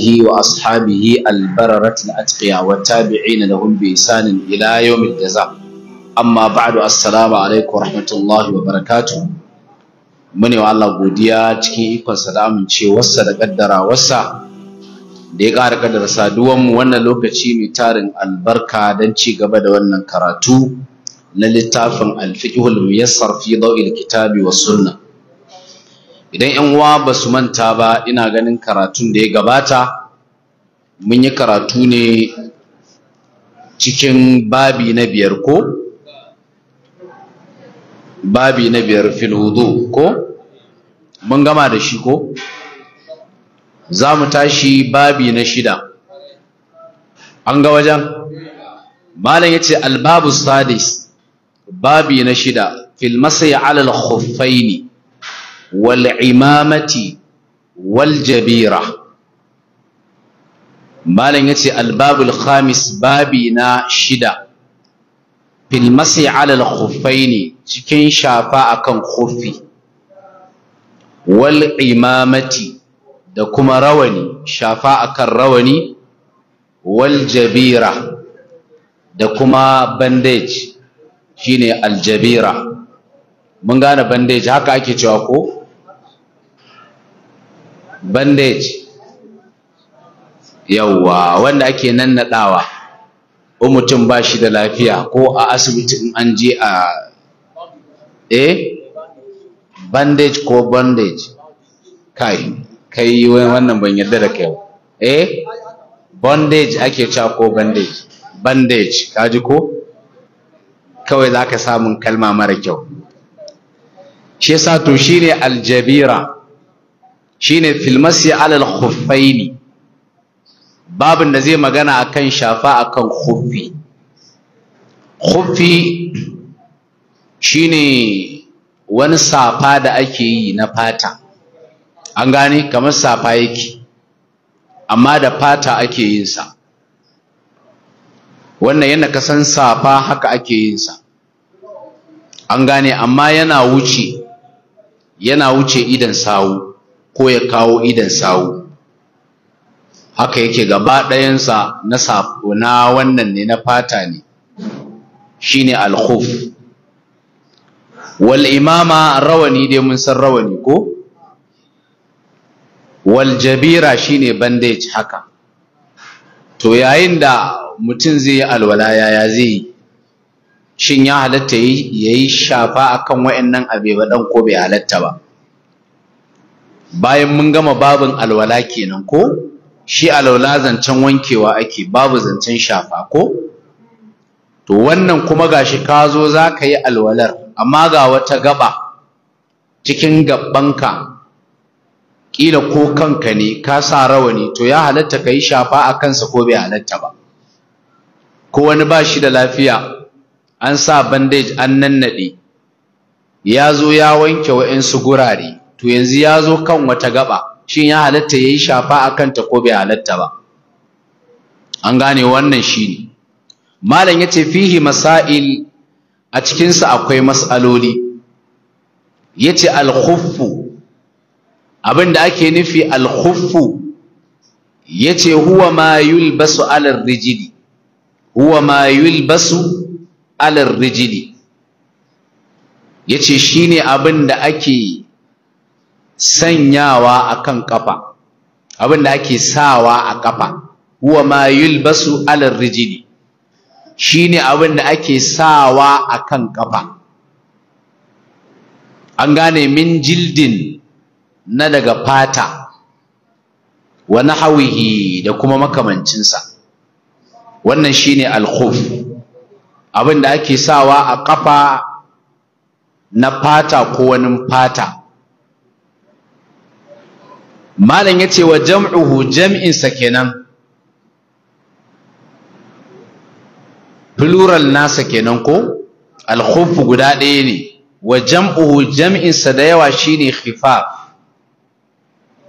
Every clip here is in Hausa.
آله وأصحابه البررة الأتقياء والتابعين لهم بإحسان إلى يوم الجزاء أما بعد السلام عليكم ورحمة الله وبركاته mune wa Allah godiya cikin ikonsa da amincewarsa da kaddarawarsa da ya ƙara kaddara saduwanmu wannan lokaci mai tarin albarka don ci gaba da wannan karatu na littafin alfiqhul muyassar fi dawil kitabi was sunnah idan yan uwa ba su manta ba ina ganin karatun da ya gabata mun yi karatu ne cikin babi na biyar ko babi na biyar filhudu ko mun gama da shi ko za mu tashi babi na shida an ga wajen malam ya ce albabu sadis babi na shida filmasai alal ne. Wal'imamati Waljabira, malam yace albabul khamis babi na shida filmasi alal ala al cikin shafa akan khuffi Wal'imamati, da kuma rawani shafa akan rawani Waljabira, da kuma bandage shine Aljabira, mun gane bandage haka ake cewa ko bandage yawwa wanda ake nannaɗawa ko mutum ba shi da lafiya ko a asibiti in an je a eh bandage ko bandage kai kai wannan ban yarda da kai eh bandage ake cewa ko bandage bandage kaji ko kawai za ka samun kalma mara kyau shi yasa to shine aljabira shine filmasi alal khuffaini babin da zai magana akan shafa akan khuffi khuffi shine wani safa da ake yi na fata an gane kamar safa yake amma da fata ake yin sa wannan yana kasan safa haka ake yin sa an gane amma yana wuce yana wuce idan sawu ko ya kawo idan sawu haka yake gaba ɗayansa na safo na wannan ne na fata ne shine al-khuf wal imama rawani dai mun san rawani ko wal jabira shine bandage haka to yayin da mutum zai yi alwala ya zai yi shin ya halatta ya yi shafa akan wa'annan dan ko bai halatta ba bayan mun gama babin alwala kenan ko shi alwala zancen wankewa ake babu zancen shafa ko to wannan kuma gashi ka zo za ka yi alwalar amma ga wata gaba cikin gabbanka ƙila ko kanka ne ka sa rawani to ya halatta ka yi shafa a kansa ko bai halatta ba ko wani ba shi da lafiya an sa bandage an nannaɗe ya zo ya wanke wa'insu gurare to yanzu ya zo kan wata gaba shin ya halatta ya yi shafa a kanta ko bai halatta ba an gane wannan shi ne malam ya ce fihi masail a cikinsa akwai matsaloli ya ce alkhuffu abin da ake nufi alkhuffu ya ce huwa ma yulbasu alar rijili huwa ma yulbasu alar rijili ya ce shi ne abin da ake sanyawa kan ƙafa, abin da ake sawa a ƙafa huwa ma yulbasu alal rijili shine abin da ake sawa a kan ƙafa. an gane min jildin na daga fata wa nahawihi da kuma makamancinsa wannan shi ne alkhuf abin da ake sawa a ƙafa na fata ko wani fata malam ya ce wa jam'uhu jam'insa kenan plural nasa kenan ko alkhufu guda ɗaya ne wa jam'uhu jam'insa da yawa shine khifaf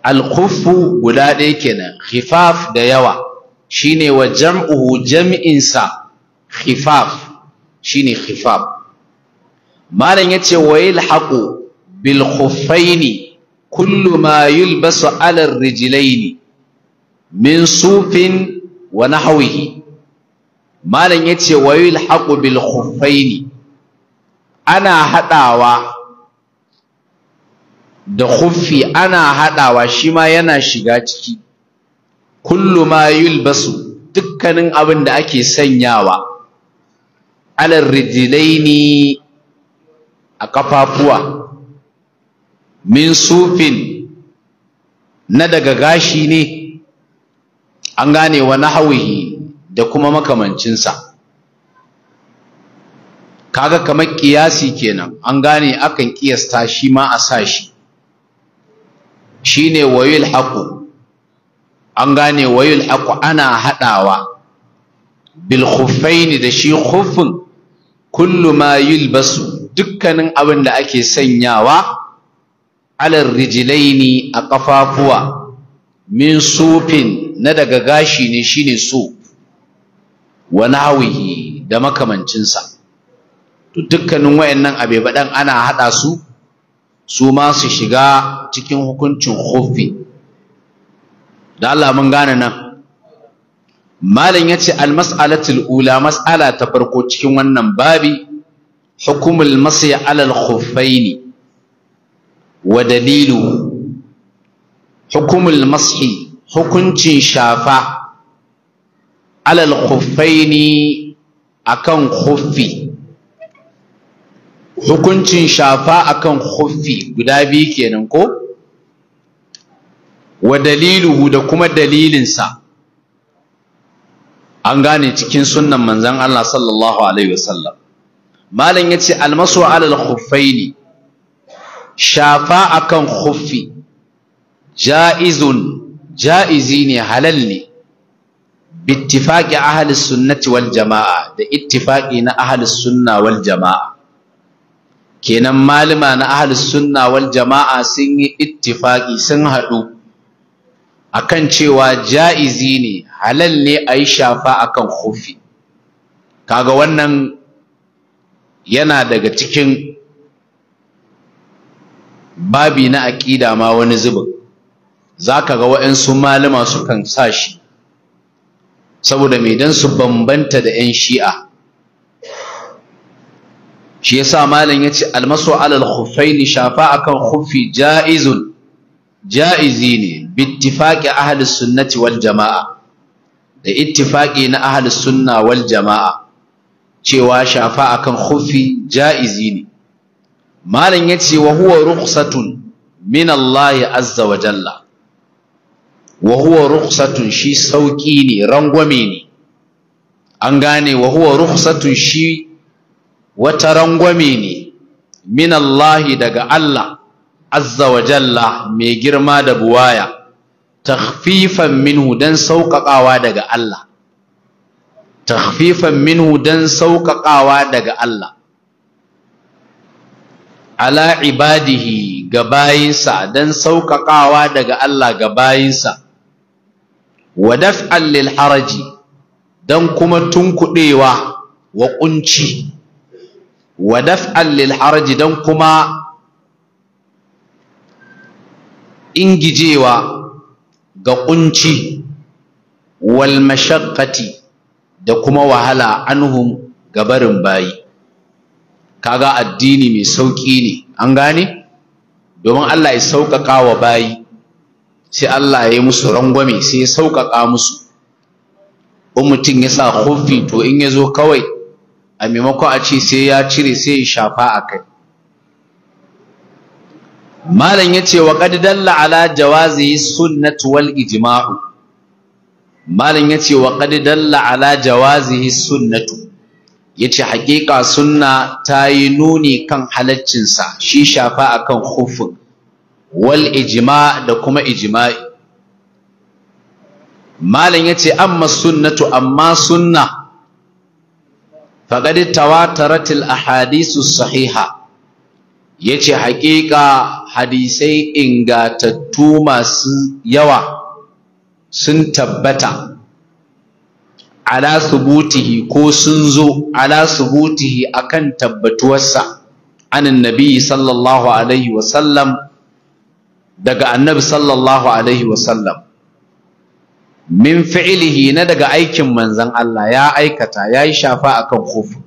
alkhufu guda ɗaya kenan khifaf da yawa shine wa jam'uhu jam'insa khifaf shine khifaf malam ya ce wa yalhaqu bil khuffaini kullu basu yulbasu ala rijlaini min sufin wa nahwihi malam yace wa yulhaqu bil khuffaini ana hadawa da hufi ana haɗawa shima yana shiga ciki kullu basu dukkanin abin da ake sanyawa ala rijlaini a ƙafafuwa. min sufin na daga gashi ne an gane wa hauhi da kuma makamancinsa kaga kamar kiyasi kenan an gane akan kiyasta shi ma a sa shi shine wayul haqu an gane wayul haqu ana haɗawa. bil khuffaini da shi khuffin kullu ma yulbasu dukkanin abin da ake sanyawa alar rijilaini a ƙafafuwa min sufin na daga gashi ne shine su wa nawihi da makamancinsa to dukkanin wayannan abe baɗan ana haɗa su su ma su shiga cikin hukuncin hufi da Allah mun gane nan malam yace al mas'alatul ula mas'ala ta farko cikin wannan babi hukumul masyi alal khuffaini wa dalilu hukumul mashi hukuncin shafa alal khuffaini akan khuffi hukuncin shafa akan khuffi guda biyu kenan ko wa daliluhu da kuma dalilinsa an gane cikin sunnan manzon Allah sallallahu alaihi wasallam malam yace almasu alal khuffaini shafa akan khuffi ja'izun ja'izi ne halal ne bittifaqi ahli sunnati wal jama'a da ittifaqi na Ahlis sunna wal jama'a kenan malama na Ahlis sunna wal jama'a sun yi ittifaƙi sun haɗu akan cewa ja'izi ne halal ne a yi shafa akan khuffi kaga wannan yana daga cikin babi na aƙida ma wani zubin zaka ga waɗansu malama sukan sa shi saboda mai dan su bambanta da 'yan shi'a shi yasa malam ya ce almasu alal khuffain shafa akan khuffi ja'izun ja'izi ne ittifaqi ahli sunnati wal jama'a da ittifaqi na ahli sunna wal jama'a cewa shafa akan khuffi ja'izi ne malam yace wa huwa rukhsatun min Allah azza wa jalla wa huwa rukhsatun shi sauki ne rangwame ne an gane wa huwa rukhsatun shi wata rangwame ne min Allah daga Allah azza wa jalla mai girma da buwaya takhfifan minhu dan sauƙaƙawa daga Allah takhfifan minhu dan sauƙaƙawa daga Allah ala ibadihi ga bayinsa don sauƙaƙawa daga Allah ga bayinsa wa daf'an lil haraji don kuma tunkuɗewa wa ƙunci wa daf'an lil haraji don kuma ingijewa ga ƙunci wal mashaqqati da kuma wahala anhum gabarin bayi kaga addini mai sauƙi ne an gane domin Allah ya sauƙaƙa wa bayi sai Allah ya yi musu rangwame sai ya sauƙaƙa musu in mutum ya sa kofi to in ya zo kawai a maimakon a ce sai ya cire sai ya shafa a kai malam ya ce wa qad dalla ala jawazi sunnatu wal ijma'u malam ya ce wa qad dalla ala yi sunnatu yace haƙiƙa sunna ta yi nuni kan halaccinsa shi shafa akan hufin wal ijima da kuma ijma'i malam yace amma sunnatu amma sunna faqad tawataratil al sahiha yace haƙiƙa hadisai ingatattu masu yawa sun tabbata ala subutihi ko sun zo ala subutihi akan tabbatuwarsa anan nabi sallallahu alaihi wasallam daga annabi sallallahu alaihi wasallam min fi'lihi na daga aikin manzon Allah ya aikata ya yi shafa akan khufu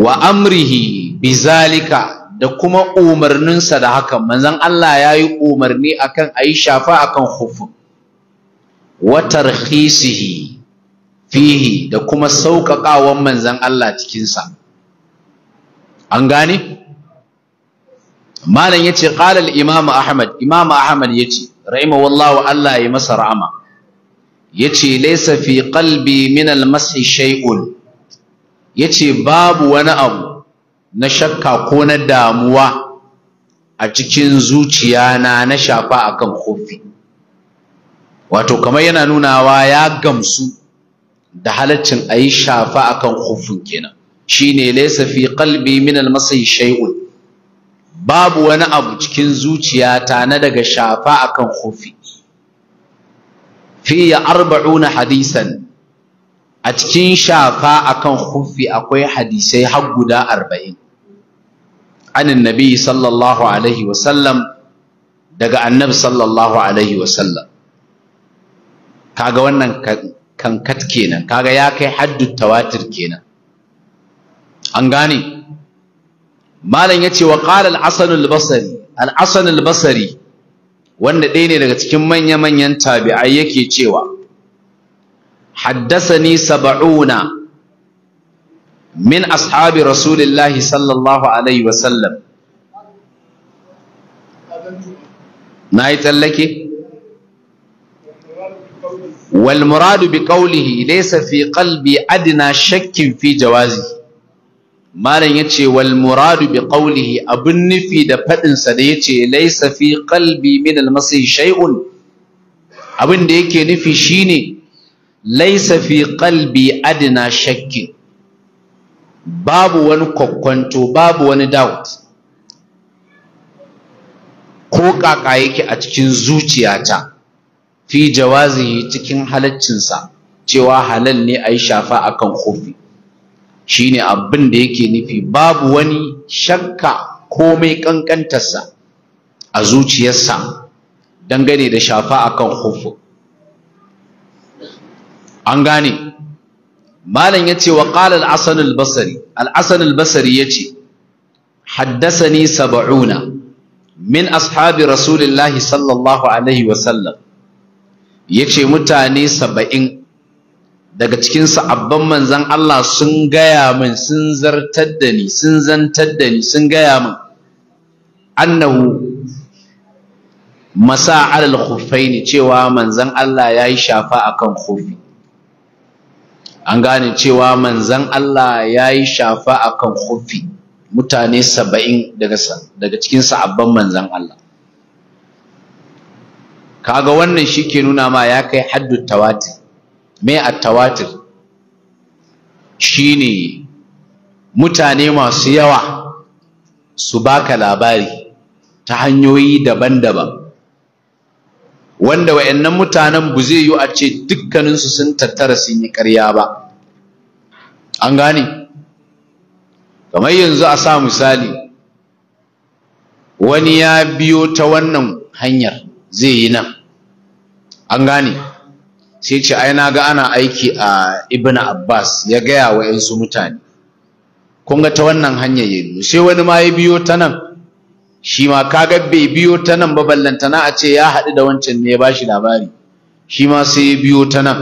wa amrihi bizalika da kuma umarninsa da haka manzon Allah ya yi umarni akan ayi yi shafa akan khufu Watar tarkhisihi fihi da kuma sauƙaƙawan manzan Allah cikinsa an gane malam yace ce ƙalal imam ahmad imam ahmad yace rahimahullahu Allah ya masa rahama yace laysa fi qalbi min al mashi Ya yace babu wani abu na shakka ko na damuwa a cikin zuciyana na shafa akan kofi wato kamar yana nunawa ya gamsu da halaccin a yi shafa akan kufin kenan shine laysa fi qalbi min masai shai'un babu wani abu cikin zuciyata na daga shafa akan Fiye fiya arba'una hadisan a cikin shafa kan kufi akwai hadisai har guda arba'in anin nabi sallallahu alaihi wasallam daga annabi sallallahu alaihi wasallam kaga wannan kankat kenan kaga ya kai haddu tawatir kenan an gane malam yace wa qala al-hasan al-basri al-hasan al-basri wanda ɗaya ne daga cikin manya-manyan tabi'ai yake cewa ni sab'una min ashabi rasulillahi sallallahu alaihi wasallam na yi tsallake? Walmuradu bi qawlihi laysa fi qalbi adna shakkin fi jawazi malam yace wal muradu bi qawlihi abun nufi da faɗinsa da yace laysa fi qalbi min al masih shay'un abin da yake nufi shine laysa fi qalbi adna shakkin babu wani kokwanto babu wani doubt ko kaka yake a cikin zuciyata fi jawazihi cikin halaccinsa cewa halal ne a yi shafa a kan kofi shi ne abin da yake nufi babu wani shakka komai ƙanƙantarsa a zuciyarsa dangane da shafa a kan kofi an gane malam ya ce wa ƙala al'asan al-basari al'asan al-basari ya ce haddasa ni saba'una min ashabi rasulillahi sallallahu alaihi wasallam ya ce mutane saba'in daga cikin abban manzan Allah sun gaya min sun zartar da ni sun zantar da ni sun gaya min annahu masa alal ne cewa manzan Allah ya yi shafa akan khufi an gane cewa manzan Allah ya yi shafa akan khufi mutane saba'in daga cikin sa'abban manzan Allah kaga wannan shi ke nuna ma ya kai haddu tawatir me a tawatir Shi ne mutane masu yawa su baka labari ta hanyoyi daban-daban wanda wayannan mutanen bu zai yi a ce dukkaninsu sun tattara sun yi ƙarya ba an gane kamar yanzu a sa misali wani ya biyo ta wannan hanyar zai yi nan an gane sai ce ai na ga ana aiki a ibn abbas ya gaya wa yansu mutane kun ga ta wannan hanyar ya sai wani ma ya biyo ta nan shi ma kaga bai biyo ta nan ba ballantana a ce ya haɗu da wancan ne ya ba shi labari shi ma sai ya biyo ta nan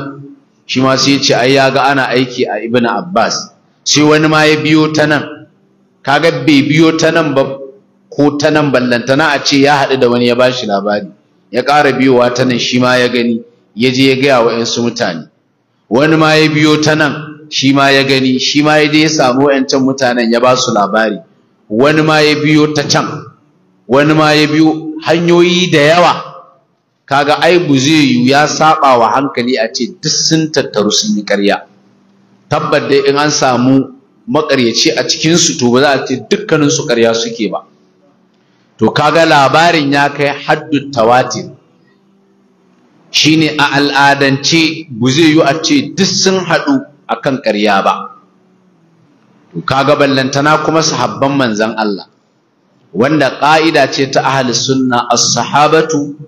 shi ma sai ya ce ai ya ga ana aiki a ibn abbas sai wani ma ya biyo ta nan kaga bai biyo ta nan ba ko ta nan ballantana a ce ya haɗu da wani ya ba shi labari ya ƙara biyowa ta nan shi ma ya gani ya je ya gaya wa ‘yansu mutane wani ma ya biyo ta nan shi ma ya gani shi ma ya je ya samu ‘yancan mutanen ya ba su labari wani ma ya biyo ta can wani ma ya biyo hanyoyi da yawa kaga ai buzeyu ya saba wa hankali a ce duk sun tattaru sun yi ƙarya tabbat dai in an samu maƙaryaci a cikinsu to ba za a ce dukkaninsu ƙarya suke ba to kaga labarin ya kai haddu tawatir shine a al'adance bu zai yi a ce duk sun haɗu akan ƙarya ba to kaga ballantana kuma sahabban manzan Allah wanda ƙa'ida ce ta ahli sunna as-sahabatu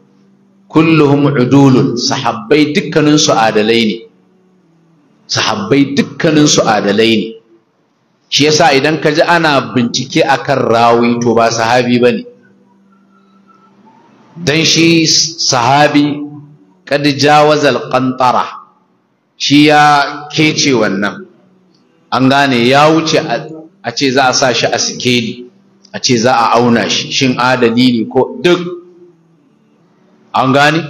kulluhum udulun sahabbai dukkaninsu adalai ne sahabbai dukkaninsu adalai ne shi yasa idan ka ji ana bincike akan rawi to ba sahabi bane dan shi sahabi kad jawazal qantara shi ya kece wannan an gane ya wuce a ce za a sa shi a sikeli a ce za a auna shi shin adali ne ko duk an gane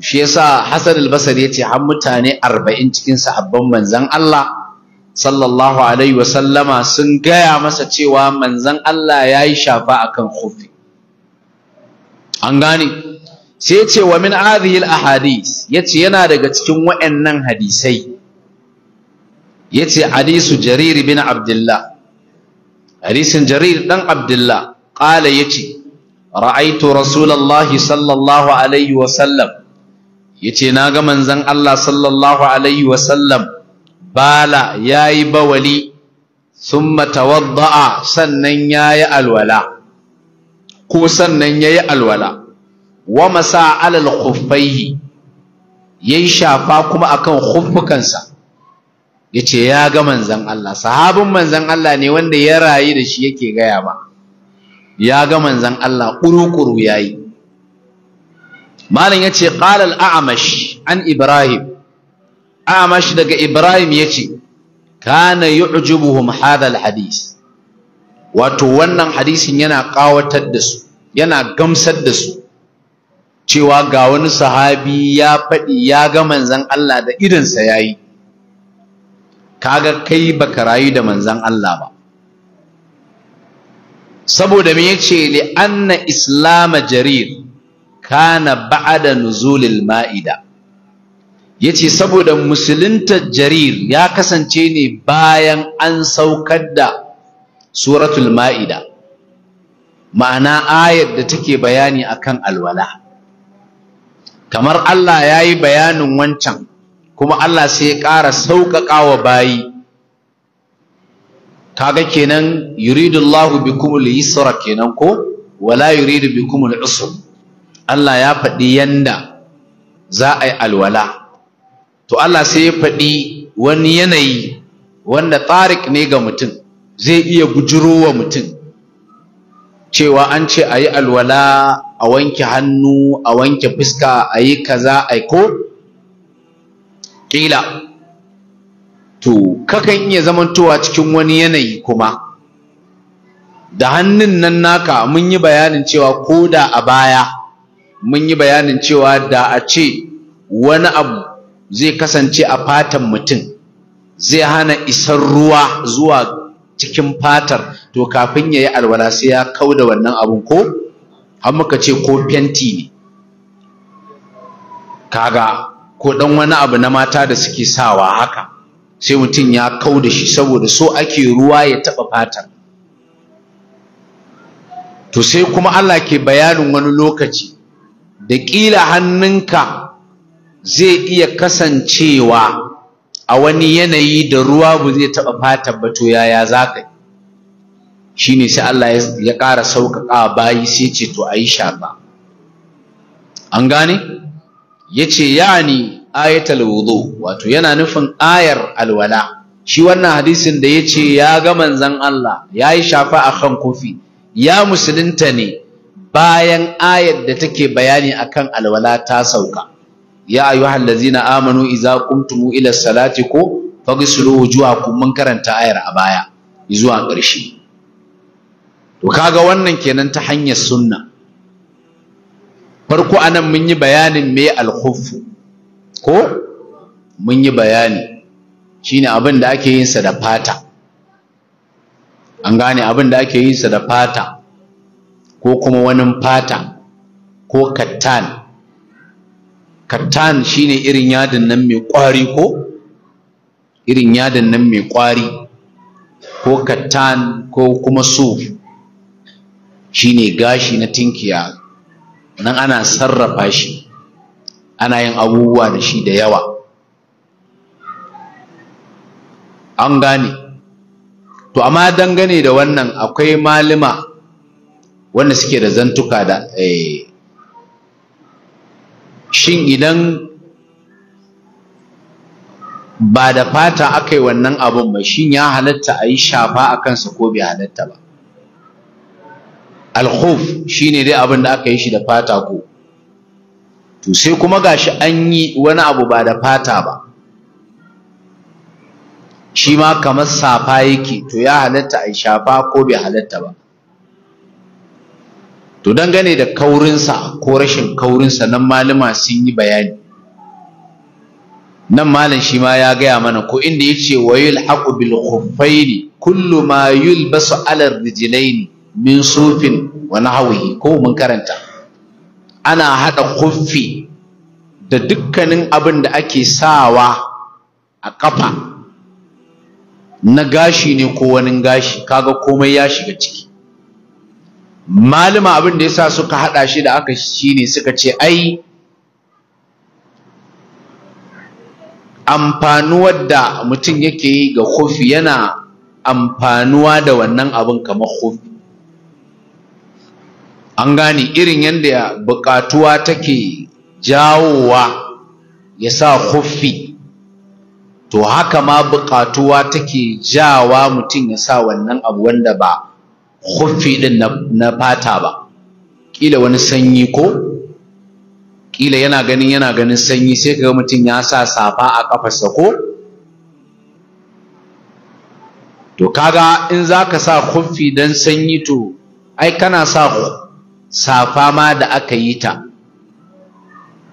shi yasa Hassan al-Basri yace har mutane 40 cikin sahabban manzon Allah sallallahu alaihi wasallama sun gaya masa cewa manzon Allah yayi shafa akan khuffi an gane sai ya ce wa min hadhihi al-ahadith yace yana daga cikin wa'annan hadisai yace hadisu jarir bin abdullah hadisin jarir dan abdullah qala yace ra'aitu rasulullahi sallallahu alaihi wa sallam yace naga manzon Allah sallallahu alaihi wa sallam bala yayi bawali thumma tawadda'a sannan yayi alwala ko sannan yi alwala wa masa alal khuffaihi yi shafa kuma akan khuffukansa ce ya ga manzan Allah sahabin manzan Allah ne wanda ya rayu da shi yake gaya ba ya ga manzan Allah ya yi. malam ya ce ƙalal amash an ibrahim a'amash daga ibrahim ya yace kana yi hadha al-hadith wato wannan hadisin yana ƙawatar da su yana gamsar da su cewa ga wani sahabi ya faɗi ya ga manzan Allah da idansa ya yi kaga kai baka rayu da manzan Allah ba saboda me yace li anna islam jarir kana ba'da nuzulil ma'ida yace saboda musulunta jarir ya kasance ne bayan an saukar da suratul ma'ida ma'ana ayar da take bayani akan alwala kamar Allah ya yi bayanin wancan kuma Allah sai ya ƙara sauƙaƙa wa bayi kaga kenan yuridullahu al yusra kenan ko wala yuridu al usr Allah ya faɗi yanda za a yi alwala to Allah sai ya faɗi wani yanayi wanda tariq ne ga mutum zai iya wa mutum cewa an ce a yi alwala a wanke hannu a wanke fuska a yi kaza a ko ƙila to kakan iya zamantowa cikin wani yanayi kuma da hannun nan naka mun yi bayanin cewa ko da a baya mun yi bayanin cewa da a ce wani abu zai kasance a fatan mutum zai hana isar ruwa zuwa cikin fatar to kafin yayi alwala sai ya kau da wannan abun ko har muka ce ko fenti ne kaga ko dan wani abu na mata da suke sawa haka sai mutum ya kau da shi saboda so ake ruwa ya taɓa fatar to sai kuma Allah ke bayanin wani lokaci da ƙila hannunka zai iya kasancewa a wani yanayi da ruwa ba zai taɓa fatan ba to yaya za ka yi shi ne sai Allah ya ƙara sauƙaƙa bayi sai ce to a yi shaƙa an gane ya ce yani ayatul wudu wato yana nufin ayar alwala shi wannan hadisin da ya ce ya ga Manzon Allah ya yi shafa a kan kofi ya musulunta ne bayan ayar da take bayani akan alwala ta sauka ya ayyuhal Zina, amanu Iza, qumtum ila salati ko faghsilu wujuhakum mun karanta ayar a baya zuwa ƙarshe to kaga wannan kenan ta hanyar sunna farko anan mun yi bayanin me alkhuffu ko mun yi bayani shine abin da ake yin sa da fata an gane abin da ake yin sa da fata ko kuma wani fata ko kattan kattan shine irin yadin nan mai kwari ko irin yadin nan mai kwari ko kattan ko kuma su shine gashi na tinkiya nan ana sarrafa shi ana yin abubuwa da shi da yawa an gane to amma dangane da wannan akwai malima wanda suke da zantuka da eh shin idan ba da fata aka yi wannan abun ba shin ya halatta a yi shafa a kansa ko bai halatta ba alkhuf ne dai abin da aka yi shi da fata ko to sai kuma shi an yi wani abu ba da fata ba shi ma kamar safa yake to ya halatta a yi shafa ko bai halatta ba to dangane da kaurinsa ko rashin kaurinsa nan malama sun yi bayani nan malam shi ma ya gaya mana ko inda ya ce wa haƙu bil khuffaini kullu ma yulbasu ala rijlaini min sufin wa nahwihi ko mun karanta ana hada khuffi da dukkanin abin da ake sawa a ƙafa. na gashi ne ko wani gashi kaga komai ya shiga ciki malama abin da yasa suka hada shi da aka ne suka ce ai amfanuwar da mutum yake yi ga kofi yana amfanuwa da wannan abin kamar kofi an gane irin yadda bukatuwa take jawowa ya sa kofi to haka ma bukatuwa take jawa mutum ya sa wannan abu wanda ba khuffi din na fata ba kila wani sanyi ko kila yana ganin yana ganin sanyi sai kaga mutum ya sa safa a kafarsa ko to kaga in zaka sa khuffi dan sanyi to ai kana sa safa ma da aka yi ta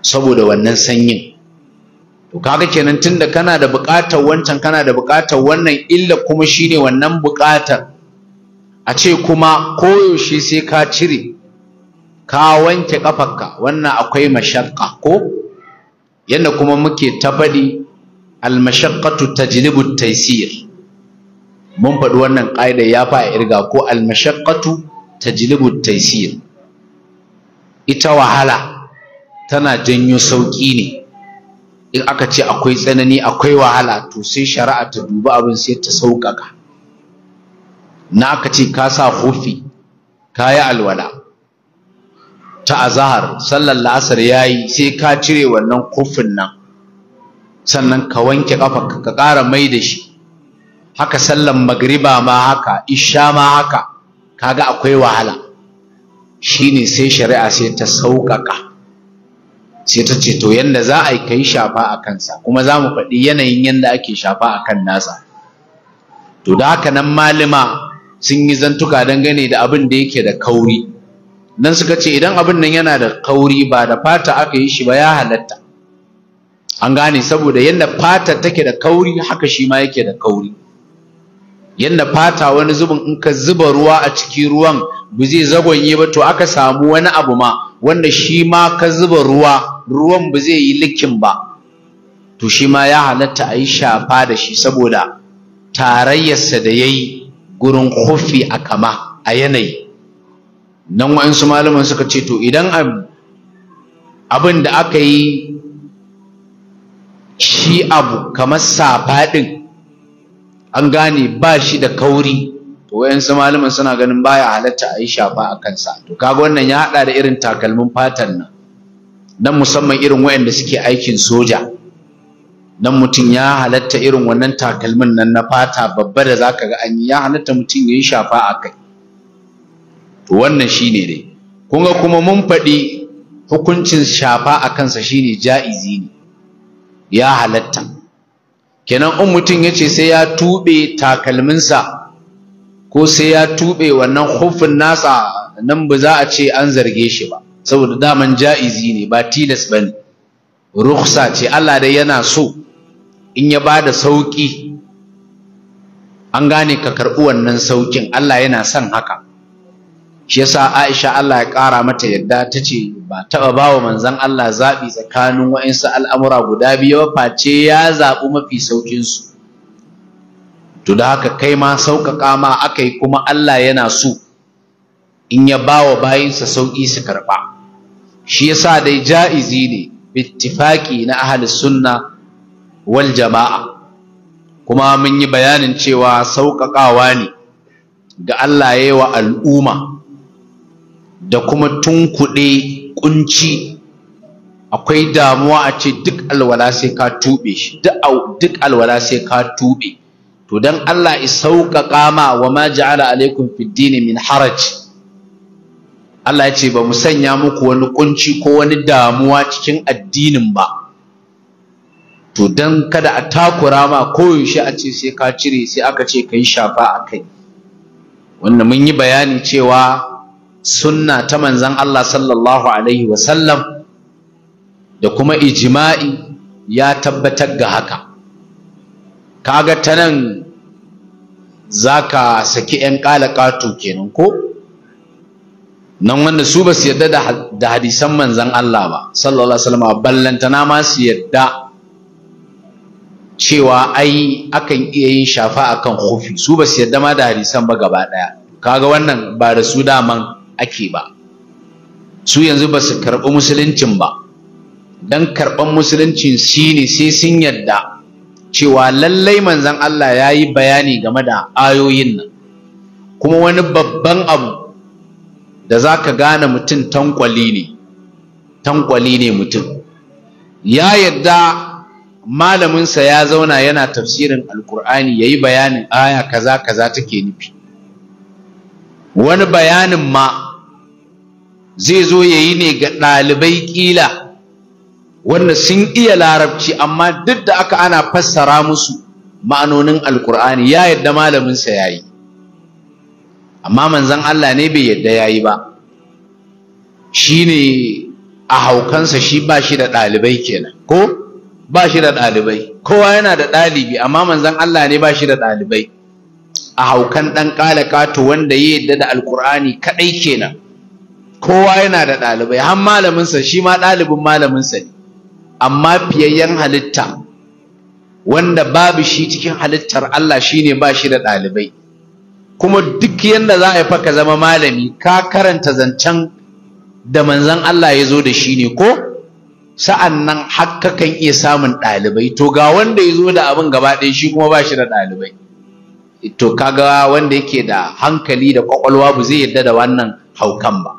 saboda wannan sanyin to kaga kenan tunda kana da buƙatar wancan kana da buƙatar wannan illa kuma shine wannan buƙatar a ce kuma koyaushe sai ka cire ka wanke ƙafarka, wannan akwai mashakka ko yadda kuma muke ta faɗi almashakkatu tajlibu taysir mun faɗi wannan ƙa'idar ya fa irga ko almashakkatu tajlibu taysir ita wahala tana janyo sauƙi ne in aka ce akwai tsanani akwai wahala to sai shari'a ta duba abin sai ta sauƙaƙa na ka ce ka sa kofi ka yi alwala ta azahar sallar la'asar ya yi sai ka cire wannan kofin nan sannan ka wanke ƙafa ka ƙara mai da shi haka sallar magriba ma haka isha ma haka kaga akwai wahala Shi ne sai shari'a sai ta sauƙaƙa sai ta ce to yanda za a yi yi shafa a kansa kuma za mu faɗi yanayin yanda ake shafa a kan nasa to da haka nan malima sun yi zantuka dangane da abin da yake da kauri nan suka ce idan abin nan yana da kauri ba da fata aka yi shi ba ya halatta an gane saboda yadda fata take da kauri haka shi ma yake da kauri yadda fata wani zubin in ka zuba ruwa a ciki ruwan ba zai zagonye ba to aka samu wani abu ma wanda shi ma ka zuba ruwa ruwan ba zai yi likin ba to shi ma ya halatta a yi shafa da shi saboda tarayyarsa da ya yi gurin hufi a kama a yanayi nan wa'insu malaman suka ce to idan abin da aka yi shi abu kamar safaɗin an gane ba shi da kauri to wa'insu malaman suna ganin baya halatta a yi shafa a kansa to kaga wannan ya haɗa da irin takalmin fatan nan nan musamman irin wa'inda suke aikin soja dan mutum ya halatta irin wannan takalmin nan na fata babba da zaka ga an ya halatta mutum yi shafa a kai to wannan shine dai kun ga kuma mun faɗi hukuncin shafa a kansa shine ja'izi ne ya halatta kenan in mutum ya ce sai ya tuɓe takalminsa ko sai ya tuɓe wannan hufin nasa nan ba za a ce an zarge shi ba saboda daman ja'izi ne ba tilas ba ne ruksa ce Allah dai yana so in ya ba da sauƙi. an gane ka karɓi wannan sauƙin, Allah yana son haka shi yasa Aisha Allah ya ƙara mata yadda ta ce ba taɓa ba wa manzon Allah zaɓi tsakanin wa'insa al'amura guda biyu face ya zaɓi mafi sauƙinsu to da haka kai ma sauƙaƙa ma aka yi kuma Allah yana so in ya ba wa bayinsa sauƙi su karɓa shi yasa dai ja'izi ne bittifaƙi na ahli sunna wal jama'a kuma mun yi bayanin cewa sauƙaƙawa ne ga Allah ya yi wa al'umma da kuma tunkuɗe ƙunci akwai damuwa a ce duk alwala sai ka tuɓe shi duk alwala sai ka tuɓe to don Allah ya sauƙaƙa ma wa ma ja'ala alaikum fiddini min haraj Allah ya ce ba mu sanya muku wani ƙunci ko wani damuwa cikin addinin ba to dan kada a takura ma koyaushe a ce sai ka cire sai aka ce ka yi shafa a kai wanda mun yi bayani cewa sunna ta manzan Allah sallallahu alaihi wasallam da kuma ijima'i ya tabbatar ga haka kaga ta nan za ka saki 'yan ƙato kenan ko nan wanda su ba su yarda da hadisan manzan Allah ba sallallahu alaihi wasallam ballantana ma su yarda cewa ai akan iya yin shafa akan kofi, su ba su yadda ma da hadisan ba gaba daya kaga wannan ba da su daman ake ba su yanzu ba su karɓi musuluncin ba Dan karɓan musuluncin shi ne sai sun yarda. cewa lallai manzon Allah ya yi bayani game da ayoyin nan kuma wani babban abu da za ka gane mutum tankwali ne tankwali ne mutum ya yadda malaminsa ya zauna yana tafsirin alkur'ani ya yi bayanin aya kaza kaza take nufi wani bayanin ma zai zo ya yi ne ga ɗalibai ƙila wanda sun iya larabci amma duk da aka ana fassara musu ma'anonin alkur'ani ya yadda malaminsa ya yi amma manzan Allah ne bai yadda ya yi ba shi ne a haukansa shi ba shi da ɗalibai kenan ko? ba shi da ɗalibai kowa yana da ɗalibi amma manzon Allah ne ba shi da ɗalibai a haukan ɗan ƙato wanda ya yadda da alkur'ani kaɗai kenan kowa yana da ɗalibai har malaminsa shi ma ɗalibin malaminsa ne amma fiyayyen halitta wanda babu shi cikin halittar Allah shine ba shi da ɗalibai kuma duk yadda za a yi faka zama malami ka karanta zancen da manzon Allah ya zo da shi ne ko sa'an nan hakka kan iya samun ɗalibai to ga wanda ya zo da abin gaba ɗaya shi kuma ba shi da ɗalibai to kaga wanda yake da hankali da kwakwalwa ba zai yarda da wannan haukan ba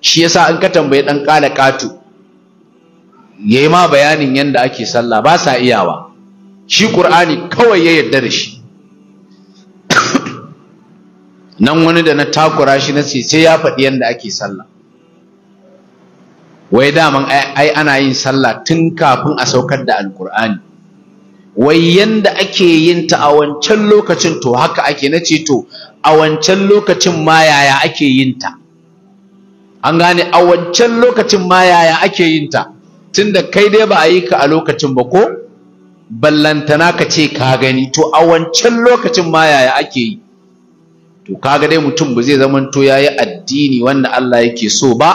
shi yasa an ka tambayi ɗan ƙala ƙato ya yi ma bayanin yadda ake sallah ba sa iyawa shi ƙur'ani kawai ya yarda da shi nan wani da na takura shi na ce sai ya faɗi yadda ake sallah wai daman ai ana yin sallah tun kafin a saukar da alkur'ani wai yanda ake yin ta a wancan lokacin to haka ake na ce to a wancan lokacin ma yaya ake yin ta an gane a wancan lokacin ma yaya ake yin ta tunda kai dai ba a yi ka a lokacin ba ko ballantana ka ce ka gani to a wancan lokacin ma yaya ake yi to kaga dai mutum ba zai zamanto yayi addini wanda Allah yake so ba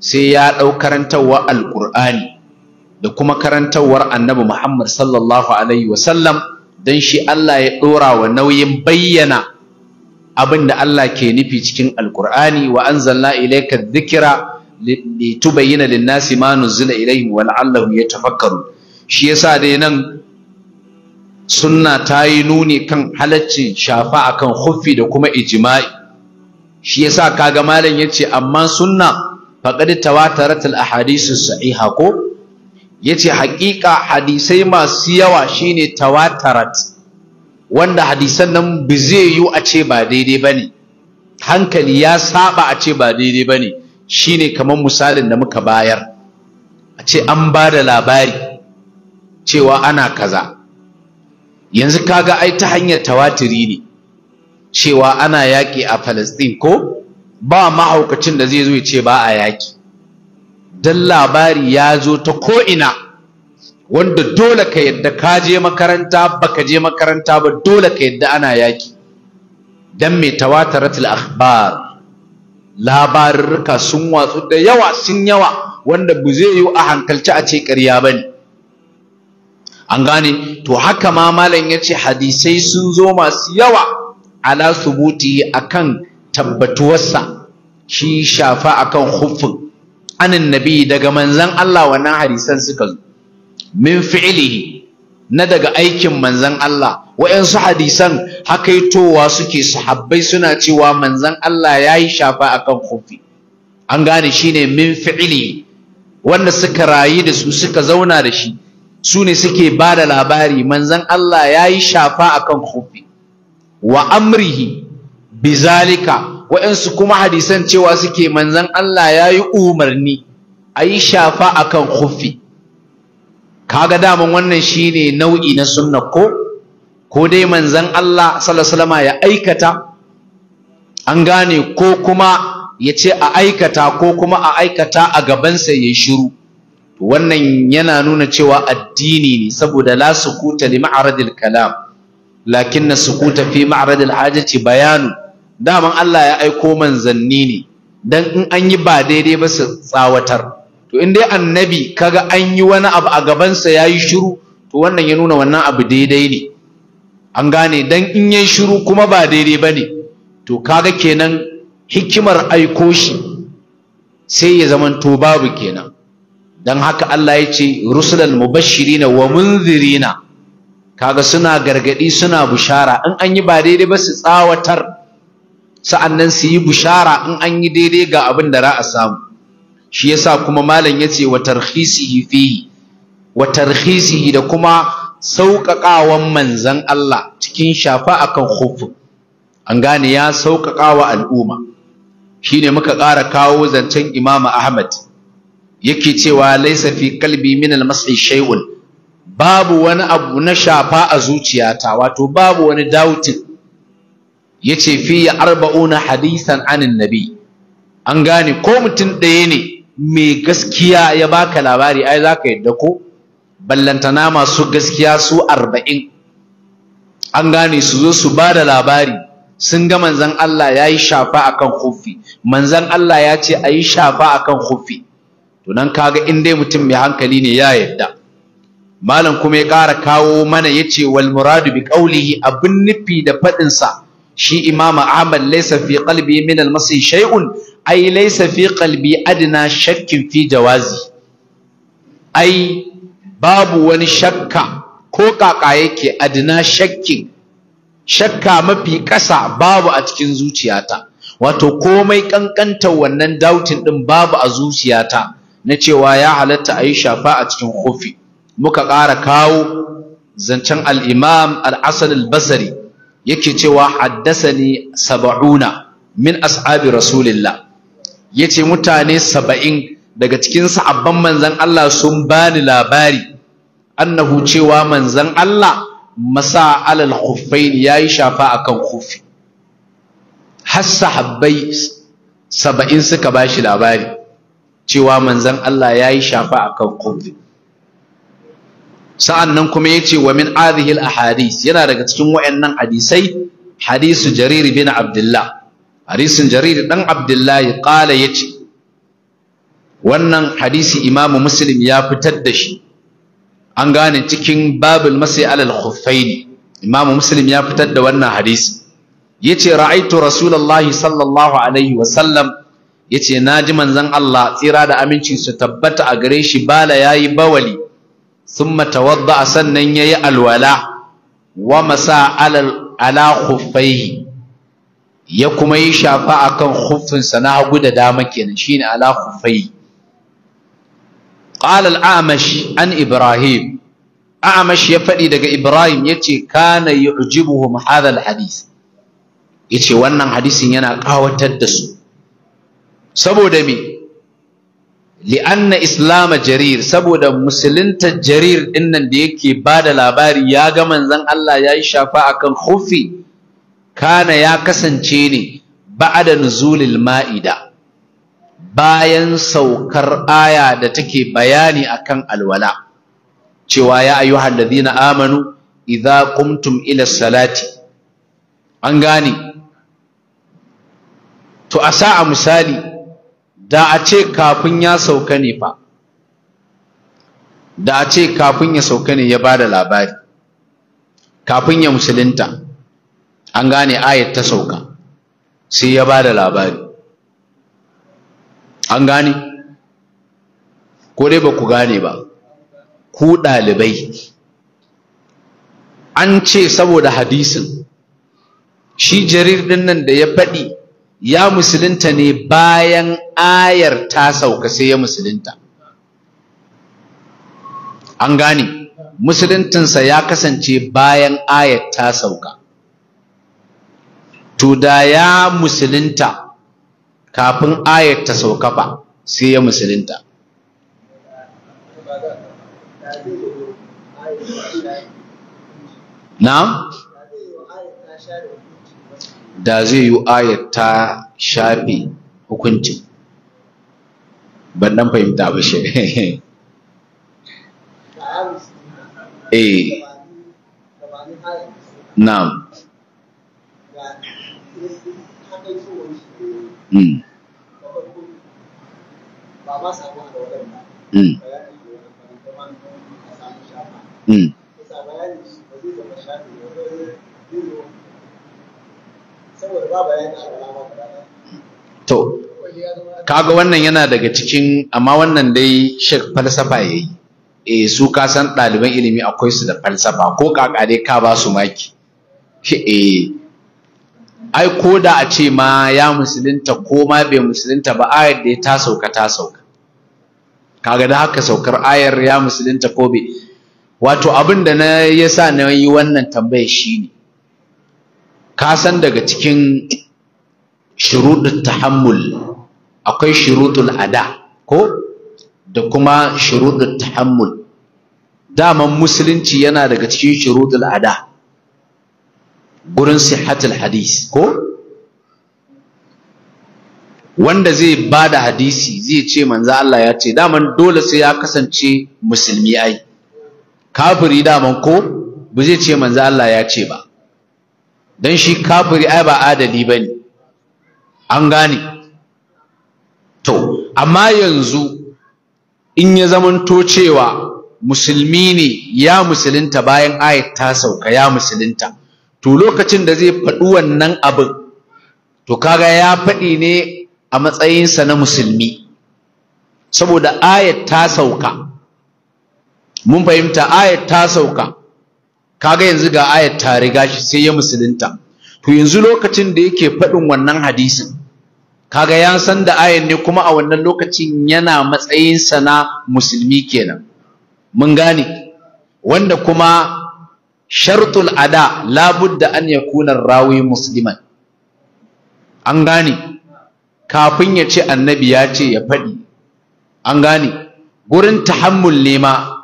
sai ya ɗau karantarwa alƙur'ani da kuma karantarwar annabi Muhammad sallallahu alaihi wasallam don shi Allah ya ɗora wa nauyin bayyana abin da Allah ke nufi cikin alƙur'ani wa anzalna ilayka dhikra litubayyana lin-nasi ma nuzila ilayhim wa la'allahum yatafakkarun shi yasa dai nan sunna ta yi nuni kan halaccin shafa kan khuffi da kuma ijma'i shi yasa kaga malam yace amma sunna faqad tawatarat al as sahiha ko yace haƙiƙa hadisai masu yawa shine tawatarat wanda hadisan nan bi zai yi a ce ba daidai bane hankali ya saba a ce ba daidai bane shine kamar misalin da muka bayar a ce an ba da labari cewa ana kaza yanzu kaga ai ta hanyar tawatiri ne cewa ana yaki a Falasɗin ko ba mahaukacin da zai zo ya ce ba a yaki dan labari ya zo ta ko'ina wanda dole ka yadda ka je makaranta baka je makaranta ba dole ka yadda ana yaki dan mai tawataratul akhbar labarurruka sun watsu da yawa sun yawa wanda bu zai yi a hankalci a ce ƙarya bane an gane to haka ma malam yace hadisai sun zo masu yawa ala subuti akan tabbatuwarsa shi shafa akan huffin anin nabi daga manzan Allah wannan hadisan suka zo min fi'lihi na daga aikin manzan Allah wa'yansu hadisan hakaitowa suke sahabbai suna cewa manzan Allah ya yi shafa akan kufi. an gane shine min fi'li wanda suka rayu da su suka zauna da shi su ne suke ba da labari manzan Allah ya yi shafa akan kufi. wa amrihi bizalika waɗansu kuma hadisan cewa suke manzan Allah ya yi umarni a yi shafa a kan kufi kaga daman wannan shine nau'i na sunna ko ko dai manzan Allah sallallahu ya aikata an gane ko kuma ya ce a aikata ko kuma a aikata a gabansa ya shiru wannan yana nuna cewa addini ne saboda la sukuta li ma'radil kalam lakinna sukuta fi ma'radil hajati bayanu daman Allah ya aiko manzanni ne dan in an yi ba daidai ba su tsawatar to in dai annabi kaga an yi wani abu a gabansa ya yi shiru to wannan ya nuna wannan abu daidai ne an gane dan in yayi shiru kuma ba daidai ba ne to kaga kenan hikimar aiko shi sai ya zaman to babu kenan dan haka Allah ya ce rusulan mubashirina wa munzirina kaga suna gargadi suna bushara in an yi ba daidai ba su tsawatar sa'annan su yi bushara in an yi daidai ga abin da za samu shi yasa kuma malam ya wa tarhisihi fihi wa tarhisihi da kuma sauƙaƙawan manzan Allah cikin shafa akan khuffu an gane ya sauƙaƙawa al'umma shine muka ƙara kawo zancen Imam Ahmad yake cewa laisa fi kalbi min almasai shay'un babu wani abu na shafa a zuciyata wato babu wani doubting yace fi arba'una hadisan anin nabi an gane ko mutum ɗaya ne mai gaskiya ya baka labari ai zaka yadda ko ballantana masu gaskiya su arba'in an gane su zo su ba da labari sun ga manzan Allah ya yi shafa akan kofi manzan Allah ya ce a yi shafa akan kofi to nan kaga in dai mutum mai hankali ne ya yadda malam kuma ya kara kawo mana ya ce wal muradu bi qawlihi abin nufi da faɗinsa shi imam ahmad laysa fi qalbi min al-masi shay'un ay laysa fi qalbi adna shakkin fi jawazi ai babu wani shakka ko kaka yake adna shakkin shakka mafi ƙasa babu a cikin zuciyata wato komai kankantar wannan doubting din babu a zuciyata na cewa ya halatta a yi shafa a cikin kofi muka ƙara kawo zancen Al-Imam al-basari yake cewa haddasani saba'una min ashabi rasulillah yace mutane saba'in daga cikin sahabban manzan Allah sun bani labari annahu cewa manzan Allah masa alal khuffain yayi shafa akan khuffi har sahabbai saba'in suka bashi labari cewa manzan Allah yayi shafa akan khuffi sa'an nan kuma ya ce wa min adihil hadis? yana daga cikin wa'yannan hadisai hadisu jarir bin abdullah hadisin jarir ɗan abdullahi ƙala ya ce wannan hadisi imamu muslim ya fitar da shi an gane cikin babul masai alal khuffaini imamu muslim ya fitar da wannan hadisi ya ce ra'aitu rasulallahi sallallahu alaihi sallam. ya ce na ji manzan allah tsira da aminci su tabbata a gare shi bala ya yi bawali summa tawadda sannan yayi alwala wa masa alal ala khuffaihi ya kuma yi shafa akan khuffinsa na hagu da dama kenan shine ala khuffaihi qala al-amash an ibrahim amash ya faɗi daga ibrahim yace kana yu'jibuhum hadha al-hadith yace wannan hadisin yana kawatar da su saboda me li'anna islama jarir saboda musulunta jarir dinnan da yake da labari ya ga manzon Allah ya yi shafa akan khuffi kana ya kasance ne da nuzulil ma'ida bayan saukar aya da take bayani akan alwala cewa ya ayyuhal ladina amanu idza qumtum ila salati an gane to a sa a misali da a ce kafin ya sauka ne fa da a ce kafin ya sauka ne ya ba da labari kafin ya musulunta an gane ayat ta sauka sai ya ba da labari an gane ko dai ba ku gane ba ku ɗalibai an ce saboda hadisin shi jarir ɗin nan da ya faɗi ya musulunta ne bayan ayar ta sauka sai ya musulunta an gane musuluntinsa ya kasance bayan ayar ta sauka to da ya musulunta kafin ayar ta sauka ba sai ya musulunta na? da zai yi ayat ta shafe hukuncin ban dan fahimta ba shi eh na'am Mm. Mm. Mm. to kaga wannan yana daga cikin amma wannan dai shek falsafa ya yi, e eh, su ka san ɗaliban ilimi akwai su da falsafa ko kaka dai ka ba su maki eh ai ko da a ce ma ya musulunta ko ma bai musulunta ba ayar da ta sauka ta sauka kaga da haka saukar ayar ya musulunta ko bai wato abin da na yasa na yi wannan tambayar shine ka san daga cikin shuruɗin tahammul akwai shuruɗin ada ko da kuma shuruɗin tahammul daman musulunci yana daga cikin shuruɗin ada gurin sihatul hadis ko wanda zai ba da hadisi zai ce manzo Allah ya ce daman dole sai ya kasance musulmi ai kafiri daman ko ba zai ce manzo Allah ya ce ba don shi kafiri ai ba adali ba ne an gane to amma yanzu in ya zamanto cewa musulmi ne ya musulunta bayan ayat ta sauka ya musulunta to lokacin da zai faɗi wannan abin to kaga ya faɗi ne a matsayinsa na musulmi saboda ayat ta sauka mun fahimta ayat ta sauka kaga yanzu ga ayat ta riga shi sai ya musulunta to yanzu lokacin da yake faɗin wannan hadisin kaga ya san da ayan ne kuma a wannan lokacin yana matsayin sa na musulmi kenan mun gane wanda kuma shartul ada labudda an yakuna rawi musliman an gane kafin ya ce annabi ya ce ya faɗi an gane gurin tahammul nema